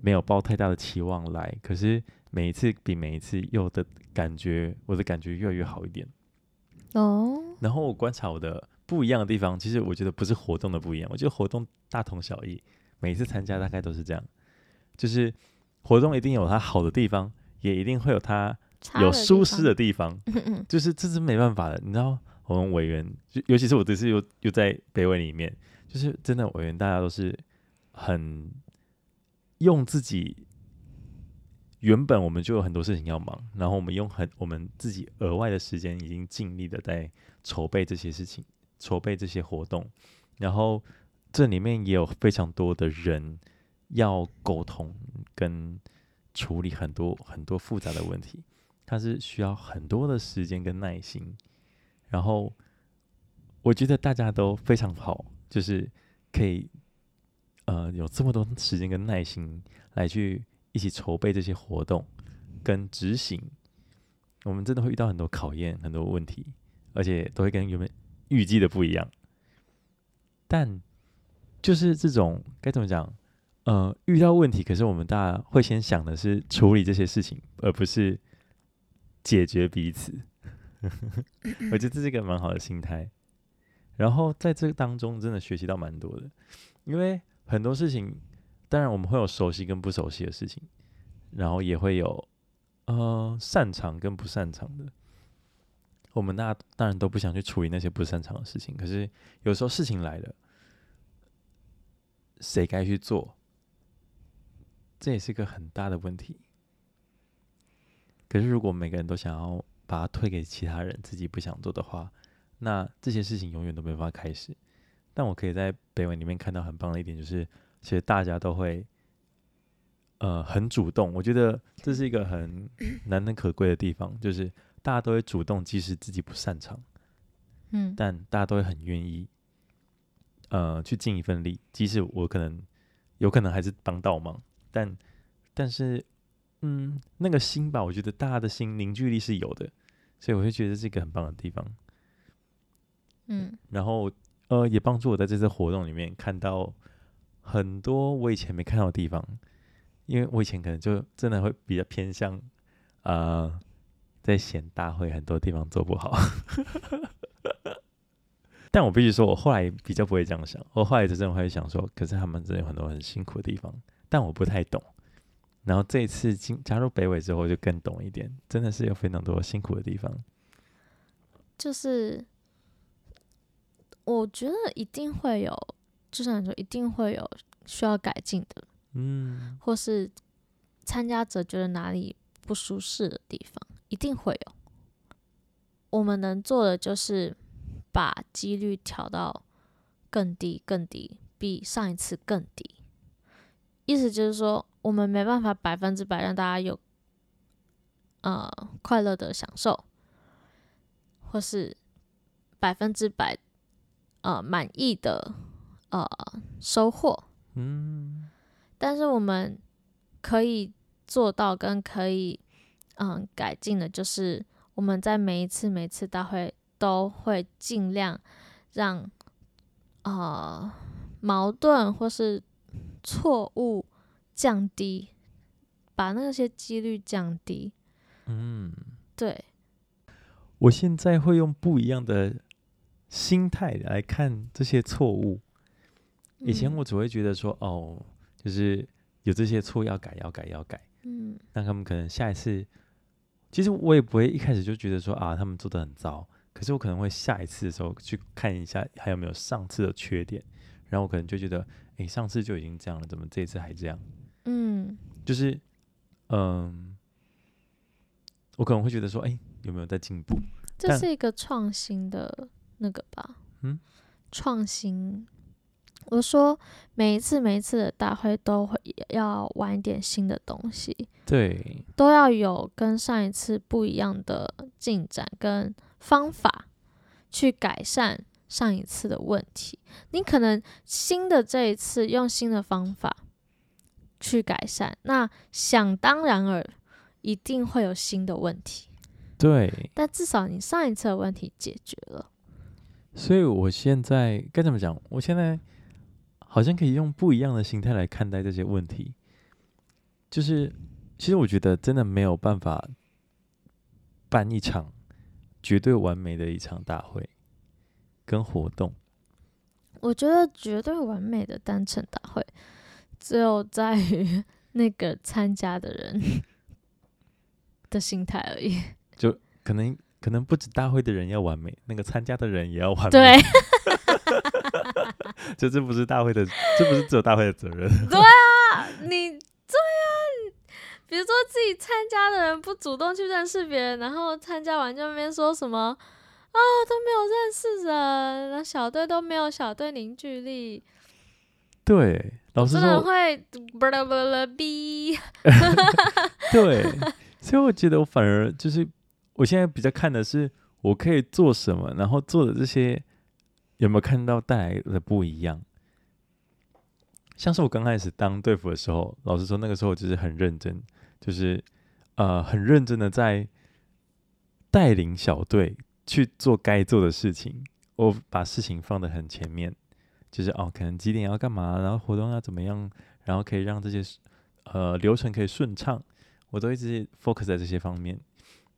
Speaker 1: 沒有抱太大的期望來，可是每一次比每一次有的感覺，我的感覺越來越好一點。
Speaker 3: 哦。Oh。
Speaker 1: 然後我觀察我的不一樣的地方，其實我覺得不是活動的不一樣，我覺得活動大同小異，每一次參加大概都是這樣。就是活動一定有它好的地方，也一定會有它。有舒適的地方，嗯嗯、就是這是沒辦法的。你知道，我們委員，嗯、就尤其是我這次又又在北緯裡面，就是真的委員，大家都是很用自己原本我們就有很多事情要忙，然後我們用很我們自己額外的時間，已經盡力的在籌備這些事情，籌備這些活動，然後這裡面也有非常多的人要溝通跟處理很多很多複雜的問題。 (laughs) 它是需要很多的時間跟耐心，然後我覺得大家都非常好，就是可以呃有這麼多時間跟耐心來去一起籌備這些活動跟執行。我們真的會遇到很多考驗，很多問題，而且都會跟原本預計的不一樣，但就是這種該怎麼講？呃，遇到問題，可是我們大家會先想的是處理這些事情，而不是。解決彼此呵呵，我覺得這是一個蠻好的心態。然後在這當中，真的學習到蠻多的，因為很多事情，當然我們會有熟悉跟不熟悉的事情，然後也會有呃擅長跟不擅長的。我們那當然都不想去處理那些不擅長的事情，可是有時候事情來了，誰該去做？這也是一個很大的問題。可是，如果每個人都想要把它推給其他人，自己不想做的話，那這些事情永遠都沒辦法開始。但我可以在北文裡面看到很棒的一點，就是其實大家都會，呃，很主動。我覺得這是一個很難能可貴的地方，就是大家都會主動，即使自己不擅長，嗯，但大家都會很願意，呃，去盡一份力。即使我可能有可能還是幫倒忙，但，但是。嗯，那個心吧，我覺得大家的心凝聚力是有的，所以我就覺得這個很棒的地方。
Speaker 3: 嗯，嗯，
Speaker 1: 然後呃，也幫助我在這次活動裡面看到很多我以前沒看到的地方，因為我以前可能就真的會比較偏向，呃，在嫌大會很多地方做不好。 (laughs) 但我必須說，我後來比較不會這樣想，我後來就真的會想說，可是他們真的有很多很辛苦的地方，但我不太懂。然後這一次進加入北緯之後，就更懂一點，真的是有非常多辛苦的地方。
Speaker 2: 就是我覺得一定會有，就算說一定會有需要改進的，嗯，或是參加者覺得哪裡不舒適的地方，一定會有。我們能做的就是把幾率調到更低，更低，比上一次更低。意思就是說。我們沒辦法百分之百讓大家有，呃，快樂的享受，或是百分之百，呃，滿意的，呃，收穫。嗯。但是我們可以做到，跟可以，嗯、呃，改進的，就是我們在每一次、每次大會都會盡量讓，呃，矛盾或是錯誤。降低，把那些幾率降低。嗯，
Speaker 1: 對。我現在會用不一樣的心態來看這些錯誤。以前我只會覺得說，嗯，哦，就是有這些錯要改，要改，要改。嗯。那他們可能下一次，其實我也不會一開始就覺得說，啊，他們做得很糟。可是我可能會下一次的時候去看一下，還有沒有上次的缺點。然後我可能就覺得，哎，上次就已經這樣了，怎麼這次還這樣？嗯，就是，嗯、呃，我可能會覺得說，哎、欸，有沒有在進步？這是
Speaker 2: 一個創新的那個吧？嗯，創新。我說每一次每一次的大會都會要玩一點新的東西，對，都要有跟上一次不一樣的進展跟方法去改善上一次的問題。你可能新的這一次用新的方法。去改善，那想當然耳，一定會有新的問題。
Speaker 1: 對，
Speaker 2: 但至少你上一次的問題解決了。
Speaker 1: 所以，我現在該怎麼講？我現在好像可以用不一樣的心態來看待這些問題。就是，其實我覺得真的沒有辦法辦一場絕對完美的一場大會跟活動。
Speaker 2: 我覺得絕對完美的單成大會。只有在於那個參加的人的心態而已。
Speaker 1: 就可能可能不只大會的人要完美，那個參加的人也要完美。對， (laughs) (laughs) (laughs) 就這真不是大會的，這不是只有大會的責任。 (laughs)
Speaker 2: 對啊，你對啊，比如說自己參加的人不主動去認識別人，然後參加完就那邊說什麼啊都沒有認識人，然後小隊都沒有小隊凝聚力。
Speaker 1: 對。老師說：“我
Speaker 2: 會巴拉巴拉逼。”
Speaker 1: (laughs) 對，所以我覺得我反而就是，我現在比較看的是我可以做什麼，然後做的這些有沒有看到帶來的不一樣。像是我剛開始當隊副的時候，老師說那個時候我就是很認真，就是呃很認真的在帶領小隊去做該做的事情，我把事情放得很前面。就是哦，可能幾點要幹嘛，然後活動要怎麼樣，然後可以讓這些呃流程可以順暢，我都一直 focus 在這些方面，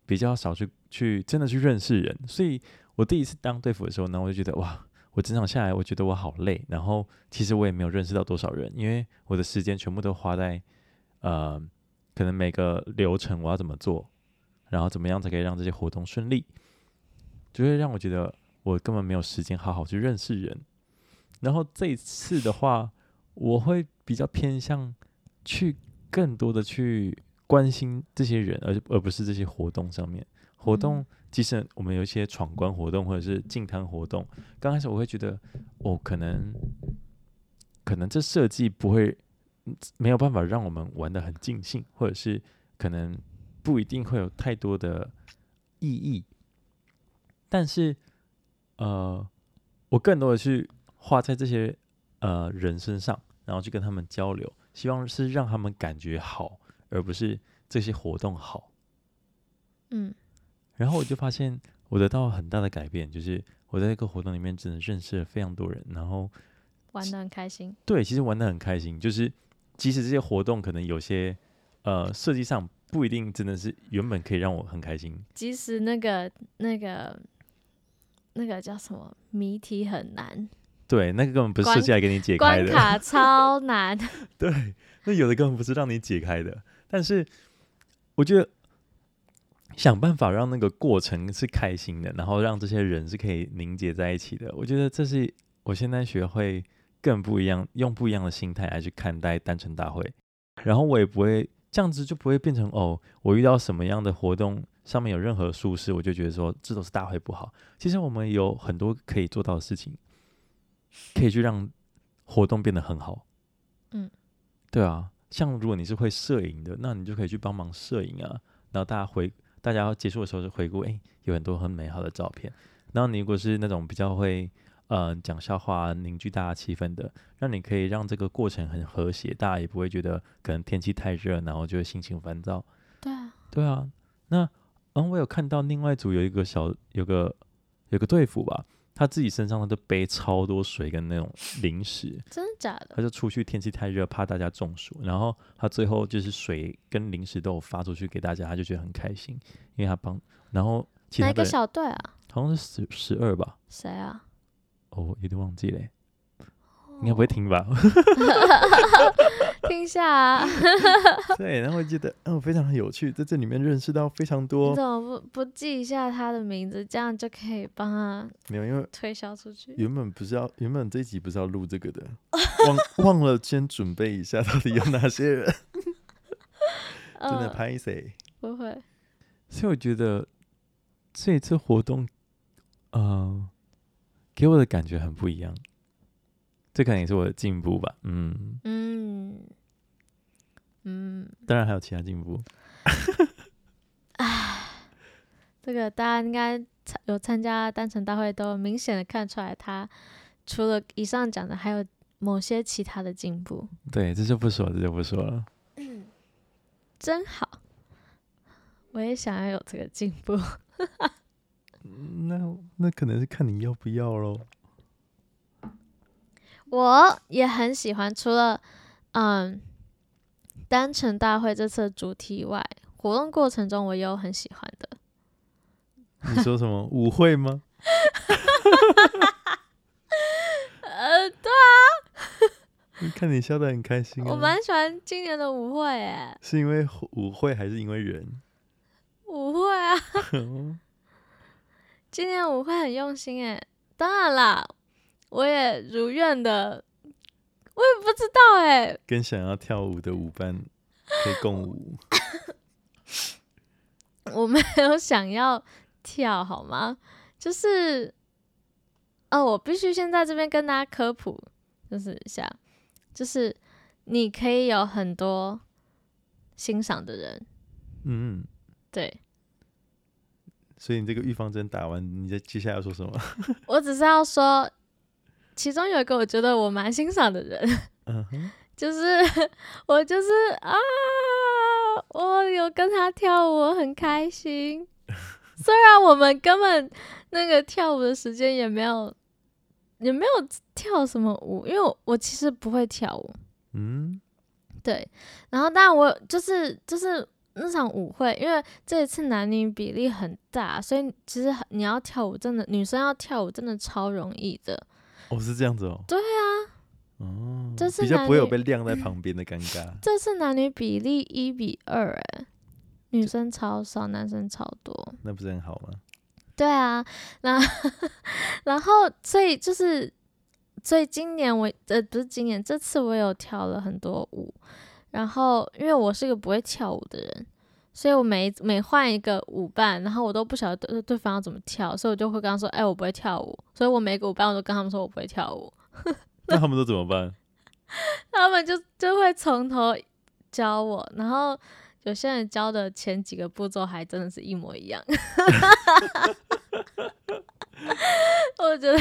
Speaker 1: 比較少去去真的去認識人。所以我第一次當隊輔的時候呢，我就覺得哇，我整場下來我覺得我好累，然後其實我也沒有認識到多少人，因為我的時間全部都花在呃可能每個流程我要怎麼做，然後怎麼樣才可以讓這些活動順利，就會讓我覺得我根本沒有時間好好去認識人。然後這一次的話，我會比較偏向去更多的去關心這些人，而而不是這些活動上面。活動，即使我們有一些闖關活動或者是進攤活動，剛開始我會覺得，我可能可能這設計不會沒有辦法讓我們玩的很盡興，或者是可能不一定會有太多的意義。但是，呃，我更多的去。畫在這些呃人身上，然後去跟他們交流，希望是讓他們感覺好，而不是這些活動好。嗯，然後我就發現我得到了很大的改變，就是我在這個活動裡面真的認識了非常多人，然後
Speaker 3: 玩得
Speaker 2: 很開心。
Speaker 1: 對，其實玩得很開心，就是即使這些活動可能有些呃設計上不一定真的是原本可以讓我很開心。
Speaker 2: 即使那個那個那個叫什麼謎題很難。
Speaker 1: 對，那個根本不是設計來給你解開的，關，關卡
Speaker 2: 超難。
Speaker 1: (laughs) 對，那有的根本不是讓你解開的。但是，我覺得想辦法讓那個過程是開心的，然後讓這些人是可以凝結在一起的。我覺得這是我現在學會更不一樣，用不一樣的心態來去看待單成大會。然後我也不會這樣子，就不會變成哦，我遇到什麼樣的活動上面有任何舒適，我就覺得說這都是大會不好。其實我們有很多可以做到的事情，可以去讓活動變得很好，嗯，對啊，像如果你是會攝影的，那你就可以去幫忙攝影啊，然後大家回大家要結束的時候就回顧，哎、欸，有很多很美好的照片。然後你如果是那種比較會呃講笑話、凝聚大家氣氛的，讓你可以讓這個過程很和諧，大家也不會覺得可能天氣太熱，然後就會心情煩躁。對啊，對啊。那嗯，我有看到另外一組有一個小有個有個隊服吧。他自己身上他都背超多水跟那種零食， (laughs) 真的假的？他就出去，天氣太熱，怕大家中暑。然後他最後就是水跟零食都有發出去給大家，他就覺得很開心，因為他幫。然後其哪個小隊啊？好像是十十二吧？
Speaker 2: 誰啊？哦、
Speaker 1: oh,，有點忘記了，應、oh. 該不會停吧？ (laughs) (laughs)
Speaker 2: 聽一下，啊， (laughs) 對，
Speaker 1: 然後記得，嗯、哦，非常的有趣，在這裡面認識到非常多。你怎
Speaker 2: 麼不不記一下他的名字，這樣就可以幫他
Speaker 1: 沒有因為推
Speaker 2: 銷出去。沒有，原
Speaker 1: 本不是要，原本這一集不是要錄這個的，忘忘了先準備一下，到底有哪些人， (laughs) 真的抱歉、
Speaker 2: 呃、不會？所
Speaker 1: 以我覺得這一次活動，嗯、呃，給我的感覺很不一樣。這肯定是我的進步吧，嗯嗯
Speaker 3: 嗯，
Speaker 1: 當然還有其他進步。
Speaker 2: 哎、啊， (laughs) 這個大家應該有參加單成大會，都明顯的看出來他除了以上講的，還有某些其他的進步。
Speaker 1: 對，這就不說了，這就不說了。嗯，
Speaker 2: 真好，我也想要有這個進步。 (laughs) 那
Speaker 1: 那可能是看你要不要嘍。
Speaker 2: 我也很喜歡，除了嗯，單成大會這次的主題外，活動過程中我有很喜歡的。
Speaker 1: 你說什麼舞會嗎？
Speaker 2: (laughs) (laughs) (laughs) 呃，對啊。
Speaker 1: (laughs) 看你笑得很開心啊。我蠻
Speaker 2: 喜歡今年的舞會誒。
Speaker 1: 是因為舞會還是因為人？
Speaker 2: 舞會啊。 (laughs) 今年舞會很用心誒，當然、啊、啦。我也如願的，我也不知道哎、欸，
Speaker 1: 跟想要跳舞的舞伴可以共舞。
Speaker 2: (laughs) (laughs) 我沒有想要跳好嗎？就是，哦，我必須先在這邊跟大家科普，就是一下，就是你可以有很多欣賞的人。
Speaker 1: 嗯嗯，對。所以你這個預防針打完，你在接下來要說什麼？
Speaker 2: (laughs) 我只是要說。其中有一個我覺得我蠻欣賞的人，Uh-huh. 就是我就是啊，我有跟他跳舞，我很開心。 (laughs) 雖然我們根本那個跳舞的時間也沒有，也沒有跳什麼舞，因為我，我其實不會跳舞，嗯、Mm-hmm.，對。然後但我就是就是那場舞會，因為這一次男女比例很大，所以其實你要跳舞真的，女生要跳舞真的超容易的。
Speaker 1: 哦，是這樣子哦。
Speaker 2: 對啊，哦，這是比較不會有被晾在旁
Speaker 1: 邊的尷尬。
Speaker 2: 這次男女比例一比二，欸，誒，女生超少，男生超多，
Speaker 1: 那不是很好嗎？
Speaker 2: 對啊，那然後， (laughs) 然後所以就是，所以今年我呃不是今年這次我有跳了很多舞，然後因為我是一個不會跳舞的人。所以我每每換一個舞伴，然後我都不曉得對，對方要怎麼跳，所以我就會跟他們說，哎、欸，我不會跳舞。所以我每個舞伴我都跟他們說我不會跳舞。
Speaker 1: (laughs) 那，那他們都怎麼辦？
Speaker 2: 他們就就會從頭教我，然後有些人教的前幾個步驟還真的是一模一樣， (laughs) (laughs) (laughs) 我覺得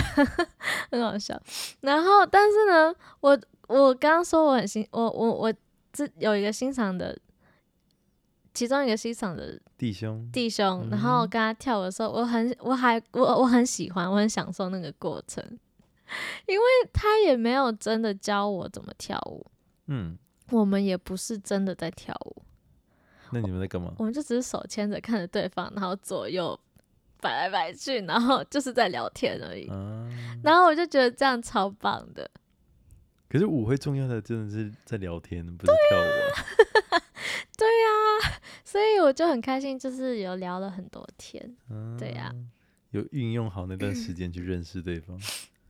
Speaker 2: 很好笑。然後，但是呢，我我剛剛說我很欣我我我自有一個欣賞的。其中一個欣賞的弟兄，弟兄，弟兄，然後跟他跳舞的時候，嗯、我很，我還，我我很喜歡，我很享受那個過程，因為他也沒有真的教我怎麼跳舞，嗯，我們也不是真的在跳舞，
Speaker 1: 那你們在幹嘛？我，我們
Speaker 2: 就只是手牽着看着對方，然後左右擺來擺去，然後就是在聊天而已，嗯，然後我就覺得這樣超棒的，
Speaker 1: 可是舞會重要的真的是在聊天，不是跳舞，啊。
Speaker 2: 對呀、啊，所以我就很開心，就是有聊了很多天。啊、對呀、啊，
Speaker 1: 有運用好那段時間去認識對方。嗯、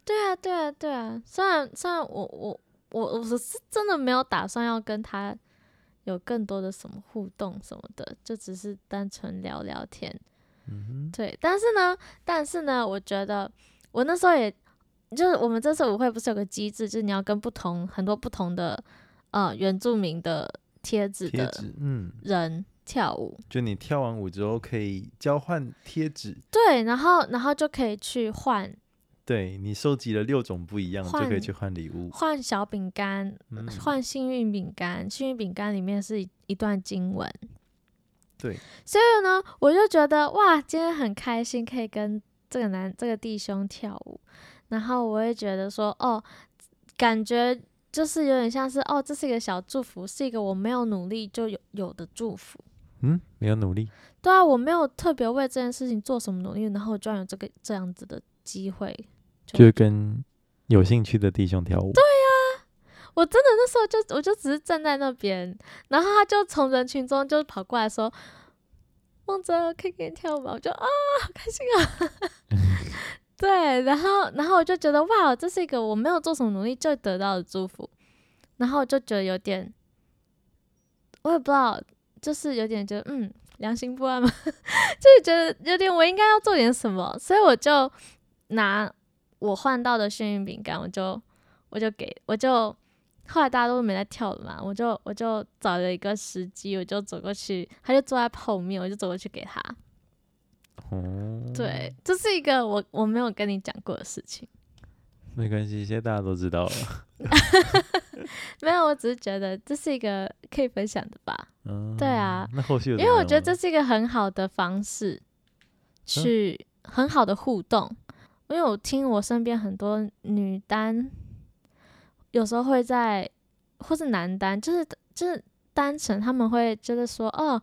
Speaker 2: 對啊，對啊，對啊。雖然雖然我我我我是真的沒有打算要跟他有更多的什麼互動什麼的，就只是單純聊聊天。嗯、對，但是呢，但是呢，我覺得我那時候也就是我們這次舞會不是有個機制，就是你要跟不同很多不同的呃原住民的。貼紙的人跳舞，嗯，
Speaker 1: 就你跳完舞之後可以交換貼紙，
Speaker 2: 對，然後，然後就可以去換，
Speaker 1: 對你收集了六種不一樣就可以去換禮物，
Speaker 2: 換小餅乾，嗯，換幸運餅乾，幸運餅乾裡面是一一段經文，
Speaker 3: 對，
Speaker 2: 所以呢，我就覺得哇，今天很開心，可以跟這個男這個弟兄跳舞，然後我也覺得說，哦，感覺。就是有點像是哦，這是一個小祝福，是一個我沒有努力就有有的祝福。
Speaker 1: 嗯，沒有努力。
Speaker 2: 對啊，我沒有特別為這件事情做什麼努力，然後我居然有這個這樣子的機會
Speaker 1: 就，就跟有興趣的弟兄跳舞。對
Speaker 2: 呀、啊，我真的那時候就我就只是站在那邊，然後他就從人群中就跑過來說：“孟哲，可以跟你跳嗎？”我就啊，好開心啊！ (laughs) (laughs) 對，然後，然後我就覺得哇，這是一個我沒有做什麼努力就得到的祝福，然後我就覺得有點，我也不知道，就是有點覺得嗯，良心不安嘛， (laughs) 就是覺得有點我應該要做點什麼，所以我就拿我換到的幸運餅乾，我就我就給，我就後來大家都沒在跳了嘛，我就我就找了一個時機，我就走過去，他就坐在旁邊，我就走過去給他。嗯、對，這是一個我我沒有跟你講過的事情。
Speaker 1: 沒關係，現在大家都知道了。
Speaker 2: (laughs) (laughs) 沒有，我只是覺得這是一個可以分享的吧。嗯，對啊。因為我覺得這是一個很好的方式去很好的互動，嗯、因為我聽我身邊很多女單，有時候會在，或是男單，就是就是單純他們會覺得說，哦。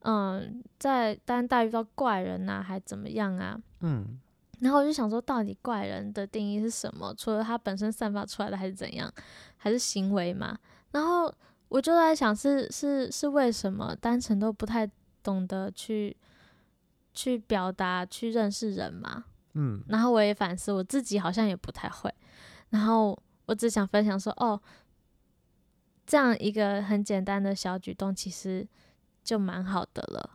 Speaker 2: 嗯，在單帶遇到怪人吶、啊，還怎麼樣啊？嗯，然後我就想說，到底怪人的定義是什麼？除了他本身散發出來的，還是怎樣？還是行為嘛？然後我就在想是，是是是，為什麼單純都不太懂得去去表達、去認識人嘛？嗯，然後我也反思我自己，好像也不太會。然後我只想分享說，哦，這樣一個很簡單的小舉動，其實。就蠻好的了，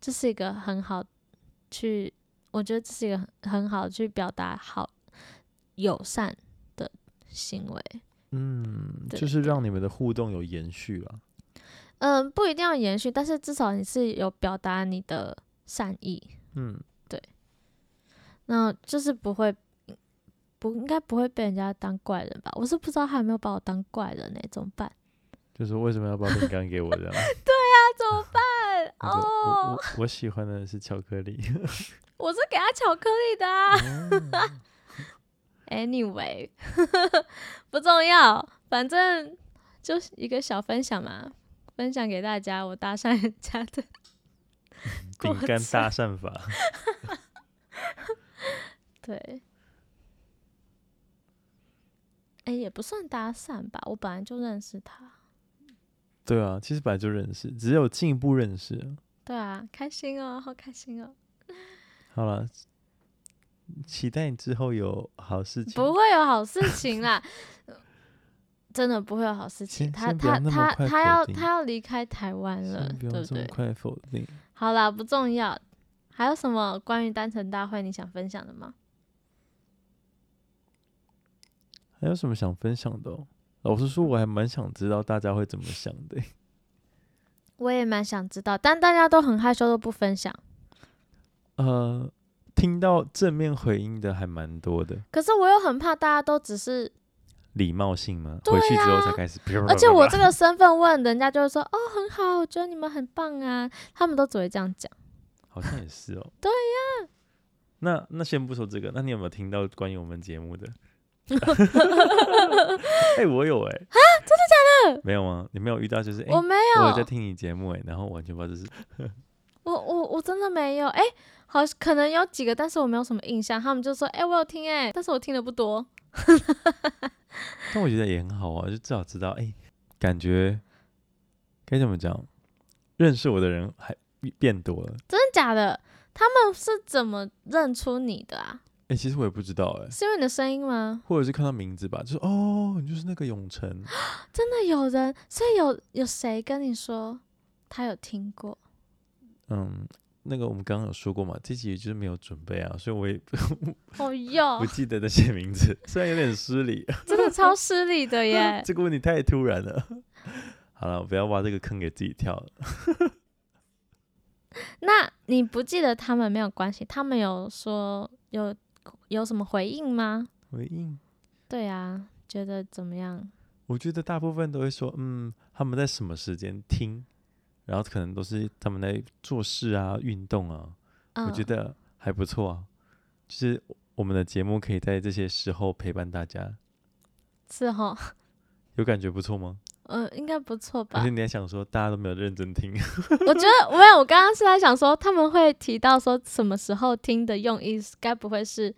Speaker 2: 這是一個很好去，我覺得這是一個很好去表達好友善的行為。
Speaker 1: 嗯，就是讓你們的互動有延續了、
Speaker 2: 啊。嗯，不一定要延續，但是至少你是有表達你的善意。嗯，對。那就是不會，不應該不會被人家當怪人吧？我是不知道他有沒有把我當怪人呢、欸？怎麼辦？
Speaker 1: 就是為什麼要把餅乾給我的、啊？ (laughs)
Speaker 2: 對啊，怎麼辦？哦、oh，我
Speaker 1: 我喜歡的是巧克力。
Speaker 2: (laughs) 我是給他巧克力的、啊。Oh、 (laughs) anyway， (laughs) 不重要，反正就是一個小分享嘛，分享給大家我搭訕人家的餅、
Speaker 1: 嗯、乾搭訕法。
Speaker 2: (laughs) (laughs) 對，哎、欸，也不算搭訕吧，我本來就認識他。
Speaker 1: 對啊，其實本來就認識，只有進一步認識。
Speaker 2: 對啊，開心哦，好開心哦。
Speaker 1: 好了，期待你之後有好事情。不
Speaker 2: 會有好事情啦， (laughs) 真的不會有好事情。他他他他要他要離開台灣了這麼快，
Speaker 1: 對不對？快否定。
Speaker 2: 好了，不重要。還有什麼關於單成大會你想分享的嗎？
Speaker 1: 還有什麼想分享的哦？老實說，我還蠻想知道大家會怎麼想的。
Speaker 2: 我也蠻想知道，但大家都很害羞，都不分享。
Speaker 1: 呃，聽到正面回應的還蠻多的。
Speaker 2: 可是我又很怕，大家都只是
Speaker 1: 禮貌性嘛，對啊，回去之後才開始。而且我這
Speaker 2: 個身份問人家，就會說：“哦，很好，我覺得你們很棒啊。”他們都只會這樣講。
Speaker 1: 好像也是哦。 (laughs) 對呀、啊。那那先不說這個，那你有沒有聽到關於我們節目的？哈哈哈！哈哎，我有哎、欸、啊，真的假的？沒有嗎？你沒有遇到就是？欸、我沒有，我有在聽你節目哎、欸，然後完全不知道這、就是。
Speaker 2: 呵呵我我我真的沒有哎、欸，好可能有幾個，但是我沒有什麼印象。他們就說哎、欸，我有聽哎、欸，但是我聽的不多。
Speaker 1: (laughs) 但我覺得也很好啊，就至少知道哎、欸，感覺該怎麼講，認識我的人還變多了。
Speaker 2: 真的假的？他們是怎麼認出你的啊？
Speaker 1: 哎、欸，其實我也不知道、欸，哎，
Speaker 2: 是因為你的聲音嗎？
Speaker 1: 或者是看到名字吧，就是哦，你就是那個永城，
Speaker 2: 真的有人？所以有有誰跟你說他有聽過？
Speaker 1: 嗯，那個我們剛剛有說過嘛，這集就是沒有準備啊，所以
Speaker 2: 我也哦 (laughs) 不
Speaker 1: 記得那些名字，雖然有點失禮，
Speaker 2: 真的超失禮的耶， (laughs)
Speaker 1: 這個問題太突然了，好了，不要挖這個坑給自己跳了。
Speaker 2: (laughs) 那你不記得他們沒有關係，他們有說有。有什麼回應嗎？
Speaker 1: 回應，
Speaker 2: 對啊，覺得怎麼樣？
Speaker 1: 我覺得大部分都會說，嗯，他們在什麼時間聽，然後可能都是他們在做事啊、運動啊，呃、我覺得還不錯啊。就是我們的節目可以在這些時候陪伴大家，
Speaker 2: 是哈、哦，
Speaker 1: 有感覺不錯嗎？
Speaker 2: 嗯，應該不錯吧？可是你
Speaker 1: 還想說大家都沒有認真聽？
Speaker 2: (laughs) 我覺得沒有，我剛剛是在想說他們會提到說什麼時候聽的用意，該不會是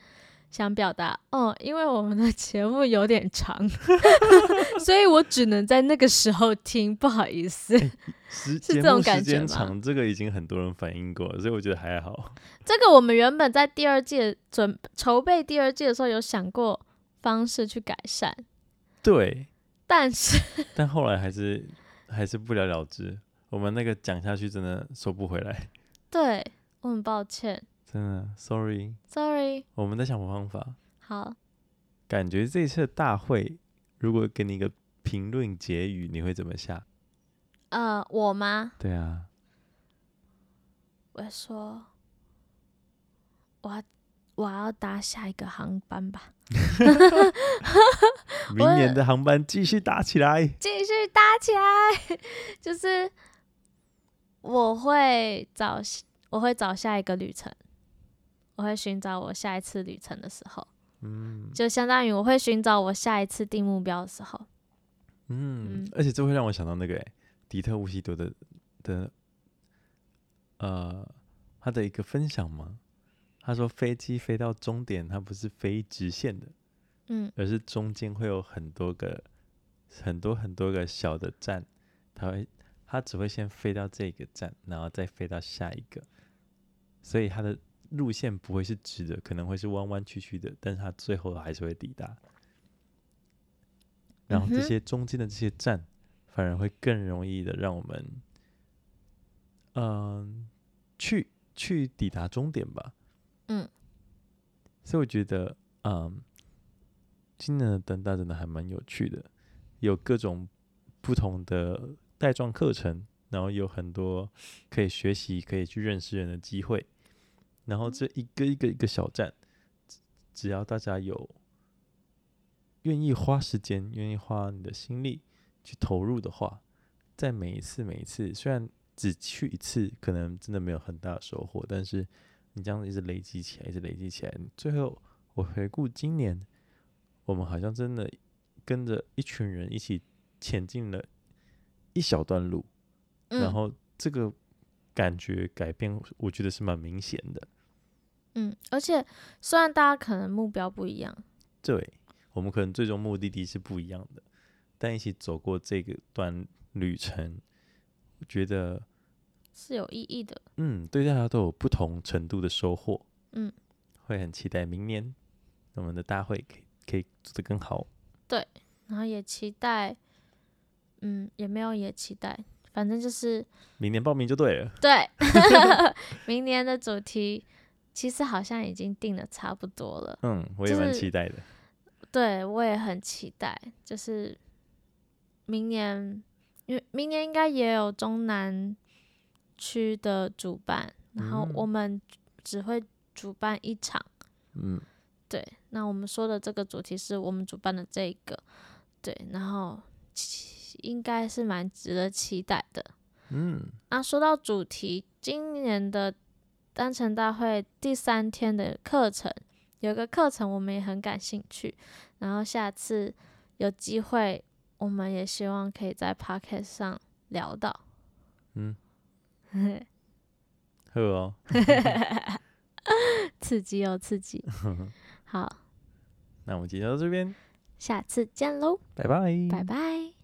Speaker 2: 想表達，哦，因為我們的節目有點長， (laughs) (laughs) 所以我只能在那個時候聽，不好意思。
Speaker 1: 節、欸、目時間長，這個已經很多人反映過了，所以我覺得還好。
Speaker 2: 這個我們原本在第二季準籌備第二季的時候，有想過方式去改善。
Speaker 1: 對。
Speaker 2: 但是 (laughs) ，
Speaker 1: 但後來還是還是不了了之。我們那個講下去真的收不回來。
Speaker 2: 對，我很抱歉。
Speaker 1: 真的，sorry，sorry Sorry。我們在想法方法。好，感覺這次大會如果給你一個評論結語，你會怎麼下？
Speaker 2: 呃，我嗎？對啊，我說，我。我要搭下一個航班吧，
Speaker 1: (laughs) 明年的航班繼續搭起來，
Speaker 2: 繼續搭起來。就是我會找我會找下一個旅程，我會尋找我下一次旅程的時候。嗯，就相當於我會尋找我下一次定目標的時候。
Speaker 1: 嗯，嗯而且這會讓我想到那個誒，迪特烏西多的的呃，他的一個分享嗎？他說：“飛機飛到終點，它不是飛直線的，嗯，而是中間會有很多個、很多很多個小的站，它會，它只會先飛到這個站，然後再飛到下一個，所以它的路線不會是直的，可能會是彎彎曲曲的，但是它最後還是會抵達。然後這些中間的這些站、嗯，反而會更容易的讓我們，嗯、呃，去去抵達終點吧。”嗯，所、so, 以我覺得，嗯，今年的等待真的還蠻有趣的，有各種不同的帶狀課程，然後有很多可以學習、可以去認識人的機會。然後這一個一個一個小站，只，只要大家有願意花時間、願意花你的心力去投入的話，在每一次、每一次，雖然只去一次，可能真的沒有很大的收穫，但是。你這樣子一直累積起來，一直累積起來，最後我回顧今年，我們好像真的跟着一群人一起前進了一小段路，嗯，然後這個感覺改變，我覺得是蠻明顯的。
Speaker 3: 嗯，
Speaker 2: 而且雖然大家可能目標不一樣，
Speaker 1: 對我們可能最終目的地是不一樣的，但一起走過這個段旅程，我覺得。
Speaker 2: 是有意義的。
Speaker 1: 嗯，對，大家都有不同程度的收穫。
Speaker 2: 嗯，
Speaker 1: 會很期待明年我們的大會可以，可以做得更好。
Speaker 2: 對，然後也期待，嗯，也沒有也期待，反正就是
Speaker 1: 明年報名就對了。
Speaker 2: 對， (laughs) (laughs) 明年的主題其實好像已經定的差不多了。嗯，我也蠻期待
Speaker 1: 的。
Speaker 3: 就
Speaker 2: 是、對，我也很期待，就是明年，因為明年應該也有中南區的主辦，然後我們只會主辦一場，嗯，對。那我們說的這個主題是我們主辦的這個，對。然後應該是蠻值得期待的，嗯。那說到主題，今年的單成大會第三天的課程有個課程我們也很感興趣，然後下次有機會我們也希望可以在 Podcast 上聊到，
Speaker 3: 嗯。
Speaker 1: (laughs) 呵哦
Speaker 2: (laughs) (laughs) 刺激哦，刺激！ (laughs) 好，
Speaker 1: 那我們今天到這邊，
Speaker 2: 下次見嘍，拜拜，拜拜。拜拜。